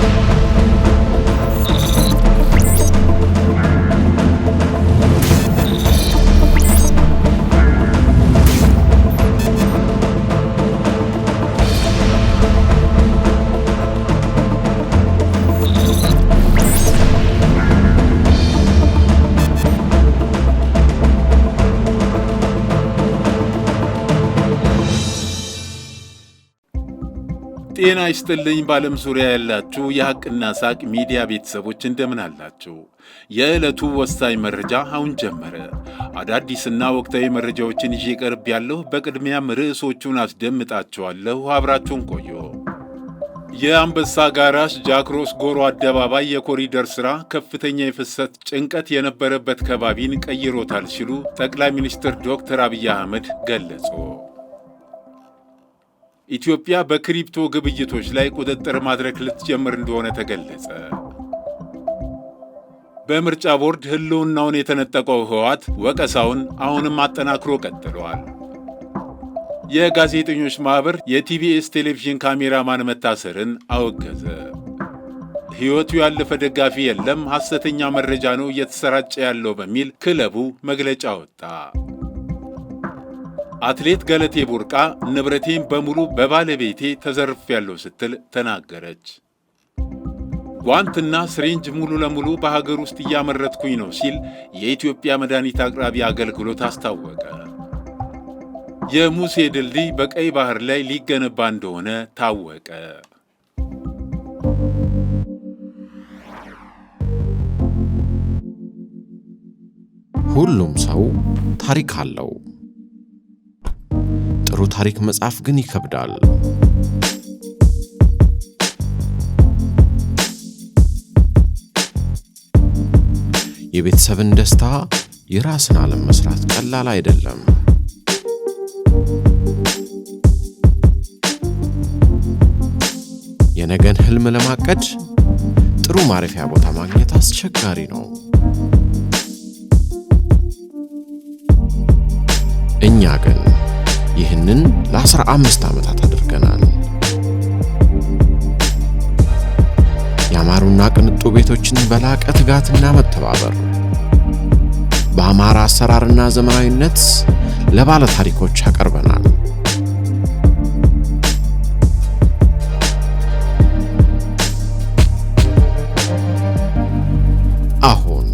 Thank you. ጤና ይስጥልኝ በዓለም ዙሪያ ያላችሁ የሐቅና ሳቅ ሚዲያ ቤተሰቦች እንደምን አላችሁ? የዕለቱ ወሳኝ መረጃ አሁን ጀመረ። አዳዲስና ወቅታዊ መረጃዎችን ይዤ ቀርብ ያለሁ። በቅድሚያም ርዕሶቹን አስደምጣችኋለሁ። አብራችሁን ቆዩ። የአንበሳ ጋራዥ ጃክሮስ ጎሮ አደባባይ የኮሪደር ሥራ ከፍተኛ የፍሰት ጭንቀት የነበረበት ከባቢን ቀይሮታል ሲሉ ጠቅላይ ሚኒስትር ዶክተር አብይ አህመድ ገለጹ። ኢትዮጵያ በክሪፕቶ ግብይቶች ላይ ቁጥጥር ማድረግ ልትጀምር እንደሆነ ተገለጸ። በምርጫ ቦርድ ሕልውናውን የተነጠቀው ህወሓት ወቀሳውን አሁንም አጠናክሮ ቀጥለዋል። የጋዜጠኞች ማኅበር የቲቢኤስ ቴሌቪዥን ካሜራማን መታሰርን አወገዘ። ሕይወቱ ያለፈ ደጋፊ የለም፣ ሐሰተኛ መረጃ ነው እየተሰራጨ ያለው በሚል ክለቡ መግለጫ ወጣ። አትሌት ገለቴ ቡርቃ ንብረቴን በሙሉ በባለቤቴ ያለው ስትል ተናገረች። ጓንትና ስሪንጅ ሙሉ ለሙሉ በሀገር ውስጥ እያመረትኩኝ ነው ሲል የኢትዮጵያ መድኃኒት አቅራቢ አገልግሎት አስታወቀ። የሙሴ ድልድይ በቀይ ባህር ላይ ሊገነባ እንደሆነ ታወቀ። ሁሉም ሰው ታሪክ አለው። የፍቅሩ ታሪክ መጽሐፍ ግን ይከብዳል። የቤተሰብን ደስታ የራስን ዓለም መስራት ቀላል አይደለም። የነገን ህልም ለማቀድ ጥሩ ማረፊያ ቦታ ማግኘት አስቸጋሪ ነው። እኛ ግን ይህንን ለአስራ አምስት ዓመታት አድርገናል። ያማሩና ቅንጡ ቤቶችን በላቀ ትጋትና መተባበር በአማራ አሰራርና ዘመናዊነት ለባለ ታሪኮች አቀርበናል። አሁን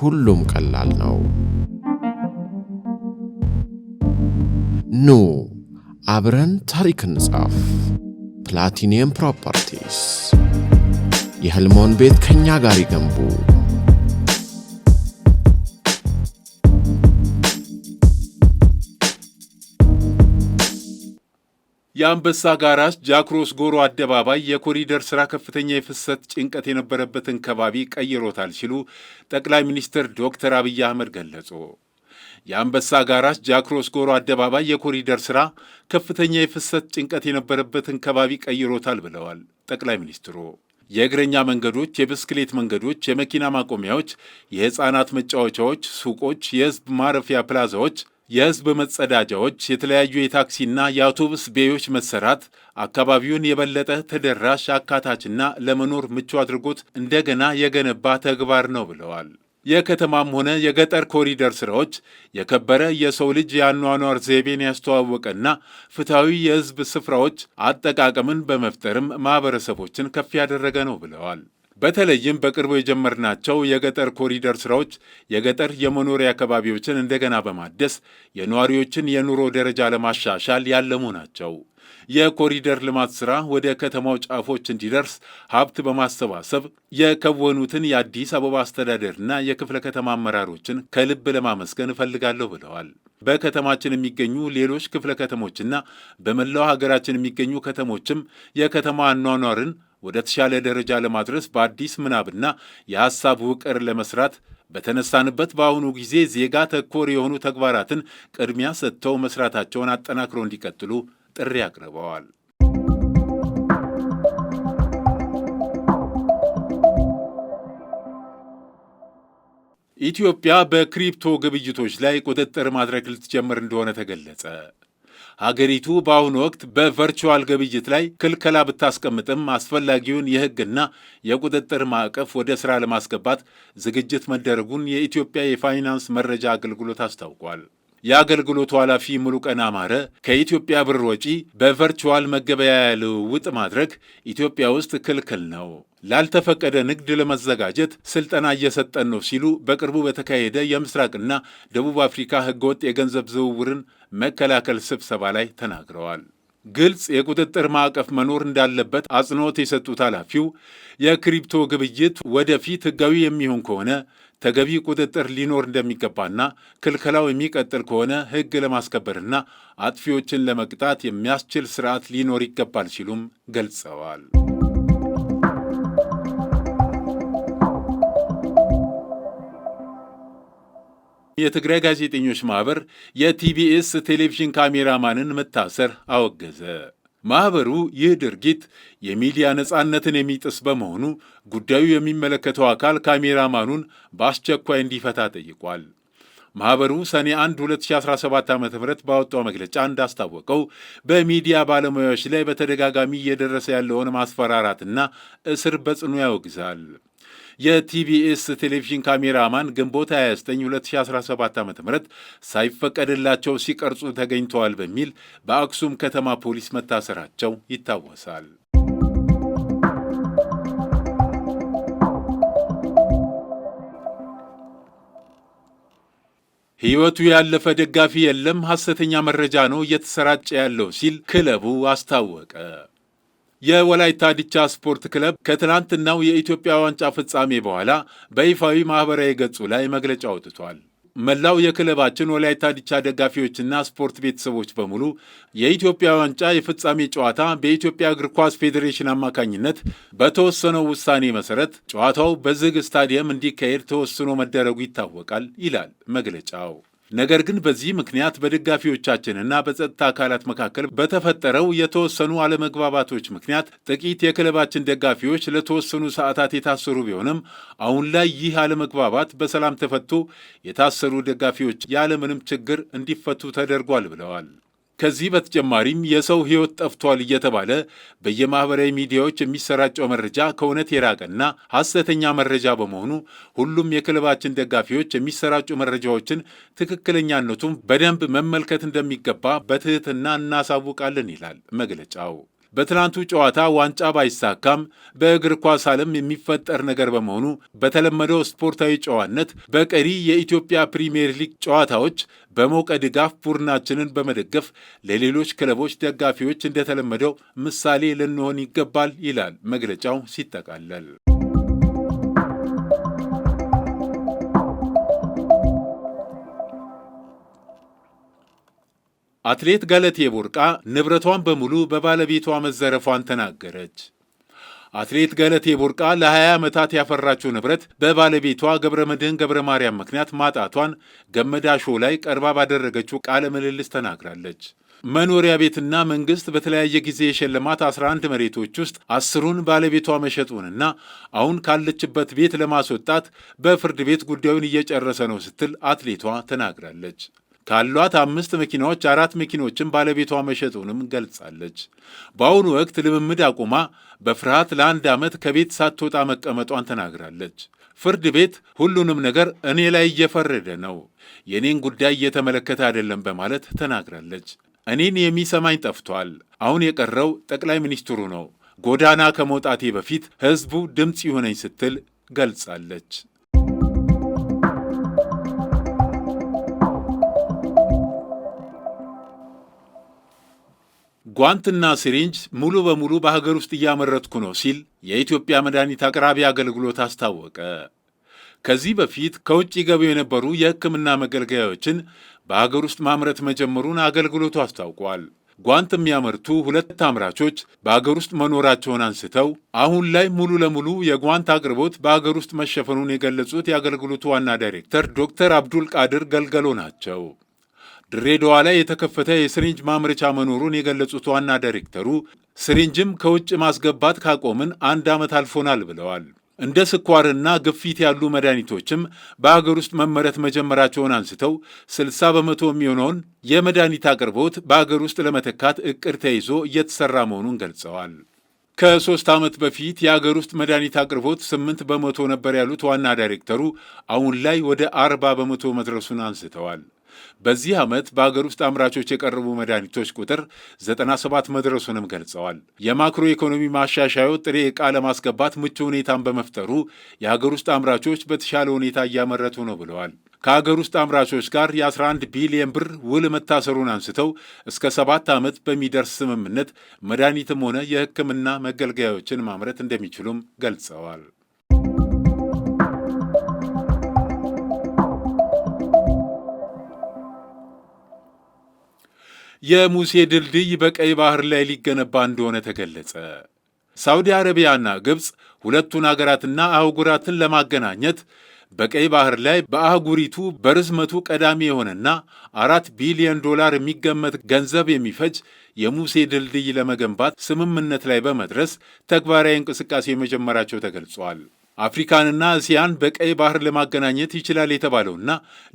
ሁሉም ቀላል ነው። ኑ አብረን ታሪክ እንጻፍ። ፕላቲኒየም ፕሮፐርቲስ የህልሞን ቤት ከእኛ ጋር ይገንቡ። የአንበሳ ጋራጅ ጃክሮስ ጎሮ አደባባይ የኮሪደር ስራ ከፍተኛ የፍሰት ጭንቀት የነበረበትን ከባቢ ቀይሮታል ሲሉ ጠቅላይ ሚኒስትር ዶክተር አብይ አህመድ ገለጹ። የአንበሳ ጋራች ጃክሮስ ጎሮ አደባባይ የኮሪደር ስራ ከፍተኛ የፍሰት ጭንቀት የነበረበትን ከባቢ ቀይሮታል ብለዋል ጠቅላይ ሚኒስትሩ። የእግረኛ መንገዶች፣ የብስክሌት መንገዶች፣ የመኪና ማቆሚያዎች፣ የህፃናት መጫወቻዎች፣ ሱቆች፣ የህዝብ ማረፊያ ፕላዛዎች የህዝብ መጸዳጃዎች፣ የተለያዩ የታክሲና የአውቶቡስ ቤዮች መሰራት አካባቢውን የበለጠ ተደራሽ አካታችና ለመኖር ምቹ አድርጎት እንደገና የገነባ ተግባር ነው ብለዋል። የከተማም ሆነ የገጠር ኮሪደር ስራዎች የከበረ የሰው ልጅ የአኗኗር ዘይቤን ያስተዋወቀና ፍትሐዊ የህዝብ ስፍራዎች አጠቃቀምን በመፍጠርም ማህበረሰቦችን ከፍ ያደረገ ነው ብለዋል። በተለይም በቅርቡ የጀመርናቸው የገጠር ኮሪደር ስራዎች የገጠር የመኖሪያ አካባቢዎችን እንደገና በማደስ የነዋሪዎችን የኑሮ ደረጃ ለማሻሻል ያለሙ ናቸው። የኮሪደር ልማት ስራ ወደ ከተማው ጫፎች እንዲደርስ ሀብት በማሰባሰብ የከወኑትን የአዲስ አበባ አስተዳደርና የክፍለ ከተማ አመራሮችን ከልብ ለማመስገን እፈልጋለሁ ብለዋል። በከተማችን የሚገኙ ሌሎች ክፍለ ከተሞችና በመላው ሀገራችን የሚገኙ ከተሞችም የከተማ አኗኗርን ወደ ተሻለ ደረጃ ለማድረስ በአዲስ ምናብና የሐሳብ ውቅር ለመስራት በተነሳንበት በአሁኑ ጊዜ ዜጋ ተኮር የሆኑ ተግባራትን ቅድሚያ ሰጥተው መስራታቸውን አጠናክረው እንዲቀጥሉ ጥሪ አቅርበዋል። ኢትዮጵያ በክሪፕቶ ግብይቶች ላይ ቁጥጥር ማድረግ ልትጀምር እንደሆነ ተገለጸ። ሀገሪቱ በአሁኑ ወቅት በቨርቹዋል ግብይት ላይ ክልከላ ብታስቀምጥም አስፈላጊውን የሕግና የቁጥጥር ማዕቀፍ ወደ ሥራ ለማስገባት ዝግጅት መደረጉን የኢትዮጵያ የፋይናንስ መረጃ አገልግሎት አስታውቋል። የአገልግሎቱ ኃላፊ ሙሉቀን አማረ ከኢትዮጵያ ብር ወጪ በቨርቹዋል መገበያያ ልውውጥ ማድረግ ኢትዮጵያ ውስጥ ክልክል ነው፣ ላልተፈቀደ ንግድ ለመዘጋጀት ስልጠና እየሰጠን ነው ሲሉ በቅርቡ በተካሄደ የምስራቅና ደቡብ አፍሪካ ህገወጥ የገንዘብ ዝውውርን መከላከል ስብሰባ ላይ ተናግረዋል። ግልጽ የቁጥጥር ማዕቀፍ መኖር እንዳለበት አጽንኦት የሰጡት ኃላፊው የክሪፕቶ ግብይት ወደፊት ህጋዊ የሚሆን ከሆነ ተገቢ ቁጥጥር ሊኖር እንደሚገባና ክልከላው የሚቀጥል ከሆነ ሕግ ለማስከበርና አጥፊዎችን ለመቅጣት የሚያስችል ስርዓት ሊኖር ይገባል ሲሉም ገልጸዋል። የትግራይ ጋዜጠኞች ማኅበር የቲቢኤስ ቴሌቪዥን ካሜራማንን መታሰር አወገዘ። ማኅበሩ ይህ ድርጊት የሚዲያ ነጻነትን የሚጥስ በመሆኑ ጉዳዩ የሚመለከተው አካል ካሜራማኑን በአስቸኳይ እንዲፈታ ጠይቋል። ማኅበሩ ሰኔ 1 2017 ዓ ም ባወጣው መግለጫ እንዳስታወቀው በሚዲያ ባለሙያዎች ላይ በተደጋጋሚ እየደረሰ ያለውን ማስፈራራትና እስር በጽኑ ያወግዛል። የቲቢኤስ ቴሌቪዥን ካሜራማን ግንቦት 29 2017 ዓ ም ሳይፈቀድላቸው ሲቀርጹ ተገኝተዋል በሚል በአክሱም ከተማ ፖሊስ መታሰራቸው ይታወሳል። ሕይወቱ ያለፈ ደጋፊ የለም፣ ሐሰተኛ መረጃ ነው እየተሰራጨ ያለው ሲል ክለቡ አስታወቀ። የወላይታ ዲቻ ስፖርት ክለብ ከትናንትናው የኢትዮጵያ ዋንጫ ፍጻሜ በኋላ በይፋዊ ማኅበራዊ ገጹ ላይ መግለጫ አውጥቷል። መላው የክለባችን ወላይታ ዲቻ ደጋፊዎችና ስፖርት ቤተሰቦች በሙሉ የኢትዮጵያ ዋንጫ የፍጻሜ ጨዋታ በኢትዮጵያ እግር ኳስ ፌዴሬሽን አማካኝነት በተወሰነው ውሳኔ መሠረት ጨዋታው በዝግ ስታዲየም እንዲካሄድ ተወስኖ መደረጉ ይታወቃል ይላል መግለጫው። ነገር ግን በዚህ ምክንያት እና በጸጥታ አካላት መካከል በተፈጠረው የተወሰኑ አለመግባባቶች ምክንያት ጥቂት የክለባችን ደጋፊዎች ለተወሰኑ ሰዓታት የታሰሩ ቢሆንም አሁን ላይ ይህ አለመግባባት በሰላም ተፈቶ የታሰሩ ደጋፊዎች ያለምንም ችግር እንዲፈቱ ተደርጓል ብለዋል። ከዚህ በተጨማሪም የሰው ሕይወት ጠፍቷል እየተባለ በየማኅበራዊ ሚዲያዎች የሚሰራጨው መረጃ ከእውነት የራቀና ሐሰተኛ መረጃ በመሆኑ ሁሉም የክለባችን ደጋፊዎች የሚሰራጩ መረጃዎችን ትክክለኛነቱን በደንብ መመልከት እንደሚገባ በትሕትና እናሳውቃለን ይላል መግለጫው። በትናንቱ ጨዋታ ዋንጫ ባይሳካም በእግር ኳስ ዓለም የሚፈጠር ነገር በመሆኑ በተለመደው ስፖርታዊ ጨዋነት በቀሪ የኢትዮጵያ ፕሪምየር ሊግ ጨዋታዎች በሞቀ ድጋፍ ቡድናችንን በመደገፍ ለሌሎች ክለቦች ደጋፊዎች እንደተለመደው ምሳሌ ልንሆን ይገባል ይላል መግለጫው ሲጠቃለል። አትሌት ገለቴ ቡርቃ ንብረቷን በሙሉ በባለቤቷ መዘረፏን ተናገረች። አትሌት ገለቴ ቡርቃ ለ20 ዓመታት ያፈራችው ንብረት በባለቤቷ መድህን ገብረ ማርያም ምክንያት ማጣቷን ገመዳሾ ላይ ቀርባ ባደረገችው ቃለ ምልልስ ተናግራለች። መኖሪያ ቤትና መንግስት በተለያየ ጊዜ የሸለማት 11 መሬቶች ውስጥ አስሩን ባለቤቷ መሸጡንና አሁን ካለችበት ቤት ለማስወጣት በፍርድ ቤት ጉዳዩን እየጨረሰ ነው ስትል አትሌቷ ተናግራለች። ካሏት አምስት መኪናዎች አራት መኪኖችን ባለቤቷ መሸጡንም ገልጻለች። በአሁኑ ወቅት ልምምድ አቁማ በፍርሃት ለአንድ ዓመት ከቤት ሳትወጣ መቀመጧን ተናግራለች። ፍርድ ቤት ሁሉንም ነገር እኔ ላይ እየፈረደ ነው፣ የእኔን ጉዳይ እየተመለከተ አይደለም በማለት ተናግራለች። እኔን የሚሰማኝ ጠፍቷል። አሁን የቀረው ጠቅላይ ሚኒስትሩ ነው። ጎዳና ከመውጣቴ በፊት ሕዝቡ ድምፅ ይሆነኝ ስትል ገልጻለች። ጓንትና ሲሪንጅ ሙሉ በሙሉ በሀገር ውስጥ እያመረትኩ ነው ሲል የኢትዮጵያ መድኃኒት አቅራቢ አገልግሎት አስታወቀ። ከዚህ በፊት ከውጭ ገቡ የነበሩ የሕክምና መገልገያዎችን በሀገር ውስጥ ማምረት መጀመሩን አገልግሎቱ አስታውቋል። ጓንት የሚያመርቱ ሁለት አምራቾች በአገር ውስጥ መኖራቸውን አንስተው አሁን ላይ ሙሉ ለሙሉ የጓንት አቅርቦት በአገር ውስጥ መሸፈኑን የገለጹት የአገልግሎቱ ዋና ዳይሬክተር ዶክተር አብዱል ቃድር ገልገሎ ናቸው። ድሬዳዋ ላይ የተከፈተ የስሪንጅ ማምረቻ መኖሩን የገለጹት ዋና ዳይሬክተሩ ስሪንጅም ከውጭ ማስገባት ካቆምን አንድ ዓመት አልፎናል ብለዋል። እንደ ስኳርና ግፊት ያሉ መድኃኒቶችም በሀገር ውስጥ መመረት መጀመራቸውን አንስተው 60 በመቶ የሚሆነውን የመድኃኒት አቅርቦት በአገር ውስጥ ለመተካት እቅድ ተይዞ እየተሰራ መሆኑን ገልጸዋል። ከሶስት ዓመት በፊት የአገር ውስጥ መድኃኒት አቅርቦት ስምንት በመቶ ነበር ያሉት ዋና ዳይሬክተሩ አሁን ላይ ወደ አርባ በመቶ መድረሱን አንስተዋል። በዚህ ዓመት በአገር ውስጥ አምራቾች የቀረቡ መድኃኒቶች ቁጥር 97 መድረሱንም ገልጸዋል። የማክሮ ኢኮኖሚ ማሻሻዩ ጥሬ ዕቃ ለማስገባት ምቹ ሁኔታን በመፍጠሩ የአገር ውስጥ አምራቾች በተሻለ ሁኔታ እያመረቱ ነው ብለዋል። ከአገር ውስጥ አምራቾች ጋር የ11 ቢሊየን ብር ውል መታሰሩን አንስተው እስከ ሰባት ዓመት በሚደርስ ስምምነት መድኃኒትም ሆነ የሕክምና መገልገያዎችን ማምረት እንደሚችሉም ገልጸዋል። የሙሴ ድልድይ በቀይ ባህር ላይ ሊገነባ እንደሆነ ተገለጸ። ሳውዲ አረቢያና ግብፅ ሁለቱን አገራትና አህጉራትን ለማገናኘት በቀይ ባህር ላይ በአህጉሪቱ በርዝመቱ ቀዳሚ የሆነና አራት ቢሊዮን ዶላር የሚገመት ገንዘብ የሚፈጅ የሙሴ ድልድይ ለመገንባት ስምምነት ላይ በመድረስ ተግባራዊ እንቅስቃሴ መጀመራቸው ተገልጿል። አፍሪካንና እስያን በቀይ ባህር ለማገናኘት ይችላል የተባለውና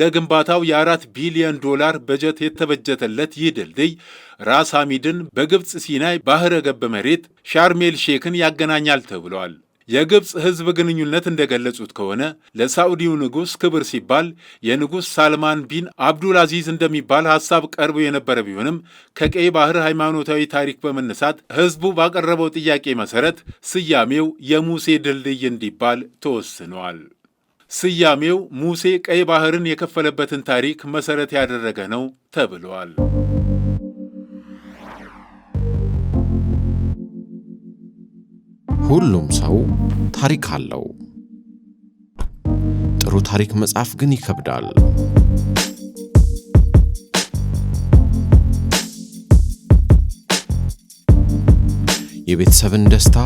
ለግንባታው የአራት ቢሊዮን ዶላር በጀት የተበጀተለት ይህ ድልድይ ራስ ሐሚድን በግብፅ ሲናይ ባህረ ገብ መሬት ሻርሜል ሼክን ያገናኛል ተብሏል። የግብፅ ህዝብ ግንኙነት እንደገለጹት ከሆነ ለሳዑዲው ንጉሥ ክብር ሲባል የንጉሥ ሳልማን ቢን አብዱል አዚዝ እንደሚባል ሐሳብ ቀርቦ የነበረ ቢሆንም ከቀይ ባህር ሃይማኖታዊ ታሪክ በመነሳት ህዝቡ ባቀረበው ጥያቄ መሠረት ስያሜው የሙሴ ድልድይ እንዲባል ተወስኗል። ስያሜው ሙሴ ቀይ ባህርን የከፈለበትን ታሪክ መሠረት ያደረገ ነው ተብሏል። ሁሉም ሰው ታሪክ አለው። ጥሩ ታሪክ መጻፍ ግን ይከብዳል። የቤተሰብን ደስታ፣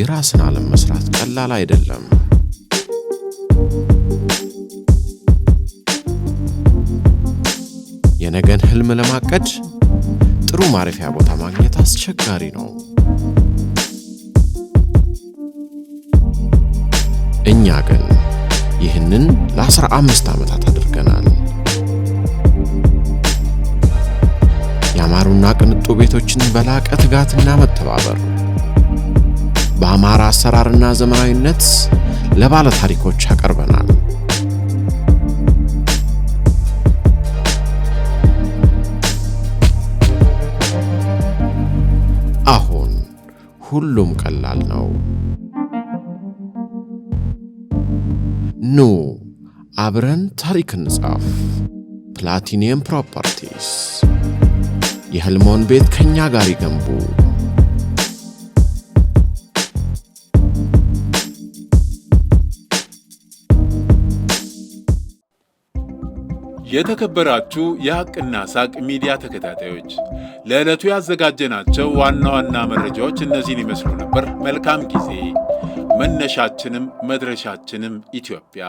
የራስን ዓለም መስራት ቀላል አይደለም። የነገን ህልም ለማቀድ ጥሩ ማረፊያ ቦታ ማግኘት አስቸጋሪ ነው። እኛ ግን ይህንን ለአስራ አምስት ዓመታት አድርገናል። ያማሩና ቅንጡ ቤቶችን በላቀ ትጋትና መተባበር በአማራ አሰራርና ዘመናዊነት ለባለ ታሪኮች አቀርበናል። አሁን ሁሉም ቀላል ነው። ኑ አብረን ታሪክ እንጻፍ። ፕላቲኒየም ፕሮፐርቲስ የህልሞን ቤት ከእኛ ጋር ይገንቡ። የተከበራችሁ የሐቅና ሳቅ ሚዲያ ተከታታዮች ለዕለቱ ያዘጋጀናቸው ዋና ዋና መረጃዎች እነዚህን ይመስሉ ነበር። መልካም ጊዜ መነሻችንም መድረሻችንም ኢትዮጵያ